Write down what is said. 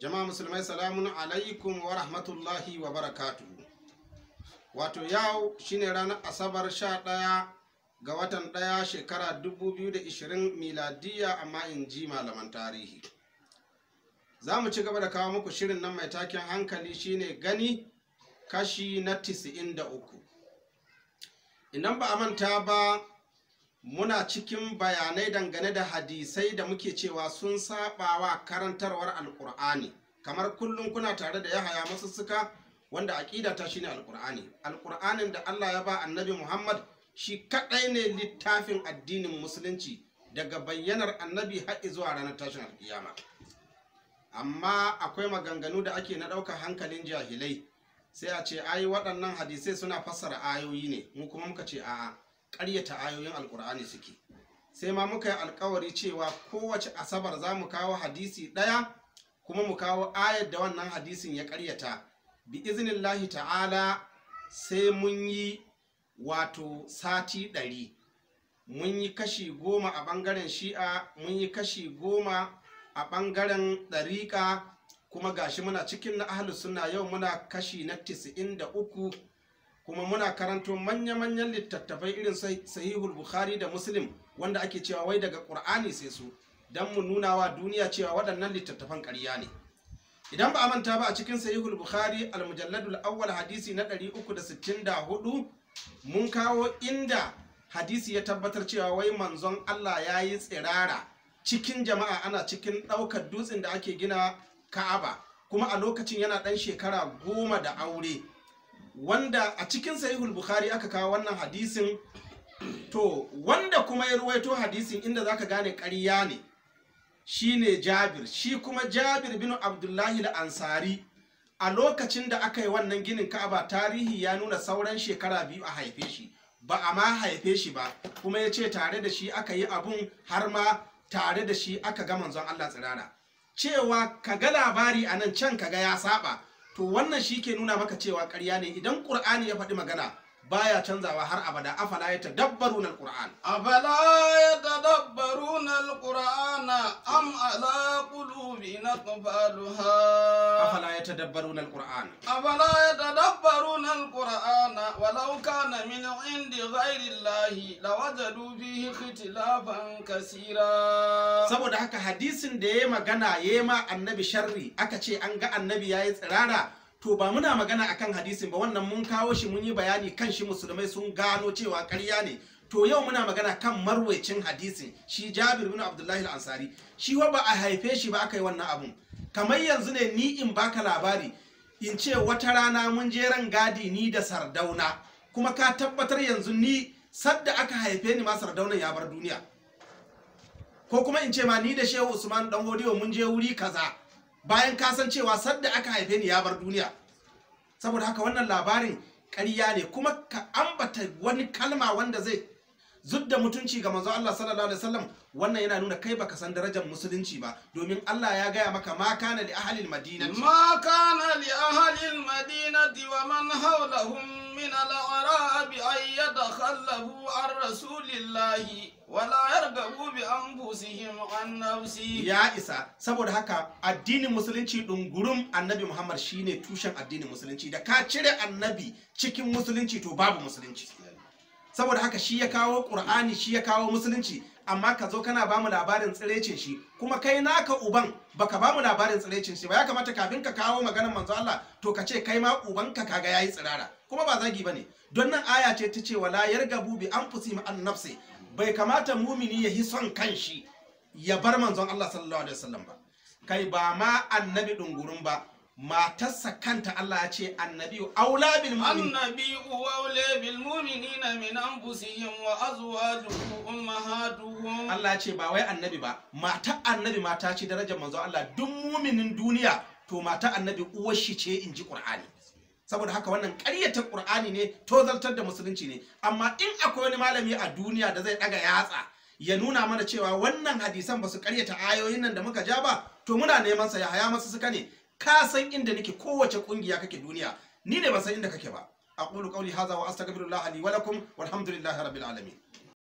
jama'a musulmai salamun alaikum wa rahmatullahi wa barakatu, wato yau shine ranar asabar sha ɗaya ga watan ɗaya shekara 2020 miladiya amma in ji malaman tarihi za mu ci gaba da kawo muku shirin nan mai taken hankali shine gani kashi na 93 idan ba a manta ba muna cikin bayanai dangane da hadisai da muke cewa sun saba wa karantarwar alkur'ani kamar kullum kuna tare da yahaya masussuka wanda aƙida ta shine alkur'ani alkur'anin da Allah ya ba annabi Muhammad shi kaɗai ne littafin addinin musulunci daga bayyanar annabi har zuwa ranar tashin alkiyama amma akwai maganganu da ake na ɗaukar hankalin jahilai sai a ce ai waɗannan hadisai suna fassara ayoyi ne mu kuma muka ce a'a ƙaryata ayoyin alkur'ani suke sai ma muka yi alkawari cewa kowace asabar za mu kawo hadisi ɗaya kuma mu kawo ayar da wannan hadisin ya ƙaryata bi iznillahi ta'ala sai mun yi wato sati ɗari mun yi kashi goma a ɓangaren shi'a mun yi kashi goma a ɓangaren ɗariƙa kuma gashi muna cikin na ahalus suna yau muna kashi na 93 kuma muna karanto manya-manyan littattafai irin sahihul bukhari da muslim wanda ake cewa wai daga ƙur'ani sai su don mu nuna wa duniya cewa waɗannan littattafan ƙarya ne idan ba a manta ba a cikin sahihul bukhari almujalladul awwal hadisi na 364 mun kawo inda hadisi ya tabbatar cewa wai manzon Allah ya yi tsirara cikin jama'a ana cikin ɗaukar dutsen da ake gina ka'aba kuma a lokacin yana ɗan shekara goma da aure wanda a cikin sahihul bukhari aka kawo wannan hadisin to wanda kuma ya ruwaito hadisin inda zaka gane ƙarya ne shine jabir shi kuma jabir bin abdullahi ansari a lokacin da aka yi wannan ginin ka'aba tarihi ya nuna sauran shekara biyu a haife shi ba a ma haife shi ba kuma ya ce tare da shi aka yi abun har ma tare da shi aka ga manzon Allah tsirara cewa ka ga labari anan can ka ga ya saba to wannan shi ke nuna maka cewa karya ne idan ƙur'ani ya faɗi magana baya canzawa har abada afala ya na ƙur'an afala ya na ƙur'ana am ala na ƙafaluhar يتدبرون القرآن أفلا يتدبرون القرآن ولو كان من عند غير الله لوجدوا فيه اختلافا كثيرا saboda haka hadisin da ya magana ya ma annabi sharri aka ce an ga annabi ya tsirara to ba muna magana akan hadisin ba wannan mun kawo shi mun yi bayani kan shi musulmai sun gano cewa karya ne to yau muna magana kan marwaicin hadisin shi jabir bin abdullahi al-ansari shi wa ba a haife shi ba aka yi wannan abun kamar yanzu ne ni in baka labari in ce wata rana mun je ran gadi ni da sardauna kuma ka tabbatar yanzu ni sadda aka haife ni ma sardaunan ya bar duniya ko kuma in ce ma ni da shehu usman dan hodiyo mun je wuri kaza bayan ka san cewa sadda aka haife ni ya bar duniya saboda haka wannan labarin ƙarya ne kuma ka ambata wani kalma wanda zai zudda mutunci ga manzo Allah sallallahu alaihi wasallam wannan yana nuna kai baka san darajar musulunci ba domin Allah ya gaya maka ma kana li ahli al ma kana li ahli al-madinati wa man hawlahum min al-arab ay yadkhallabu ar rasulillahi wa la yarghabu bi anfusihim an nafsi ya isa saboda haka addinin musulunci dungurum annabi Muhammad shine tushen addinin musulunci da ka cire annabi cikin musulunci to babu musulunci saboda haka shi ya kawo ƙur'ani shi ya kawo musulunci amma ka zo kana bamu labarin tsirecin shi kuma kai naka uban baka bamu labarin tsirecin shi ba ya kamata kafin ka kawo maganar manzo Allah to ka ce kai ma uban ka, kaga yayi tsirara kuma ba zagi bane don nan aya ce ta ce wala yargabu bi anfusi ma annafsi bai kamata mumini ya yi son kanshi ya bar manzon Allah sallallahu alaihi wasallam ba kai ba ma annabi dungurun ba matarsa kanta Allah ya ce annabiyu aula bil mu'minin annabiyu aula bil mu'minina min anfusihim wa azwajuhum ummahatuhum Allah ya ce ba wai annabi ba mata annabi mata ce darajar manzo Allah duk mu'minin duniya to mata annabi uwar shi ce in ji Qur'ani saboda haka wannan ƙaryata Qur'ani ne to zaltar da musulunci ne amma in akwai wani malami a duniya da zai daga yatsa ya nuna mana cewa wannan hadisan ba su ƙaryata ayoyin nan da muka ja ba to muna neman sa ya haya masu suka ne ka san inda nake kowace kungiya kake duniya ni ne ban san inda kake ba aqulu qawli hadha wa astaghfirullah li wa lakum walhamdulillahi rabbil alamin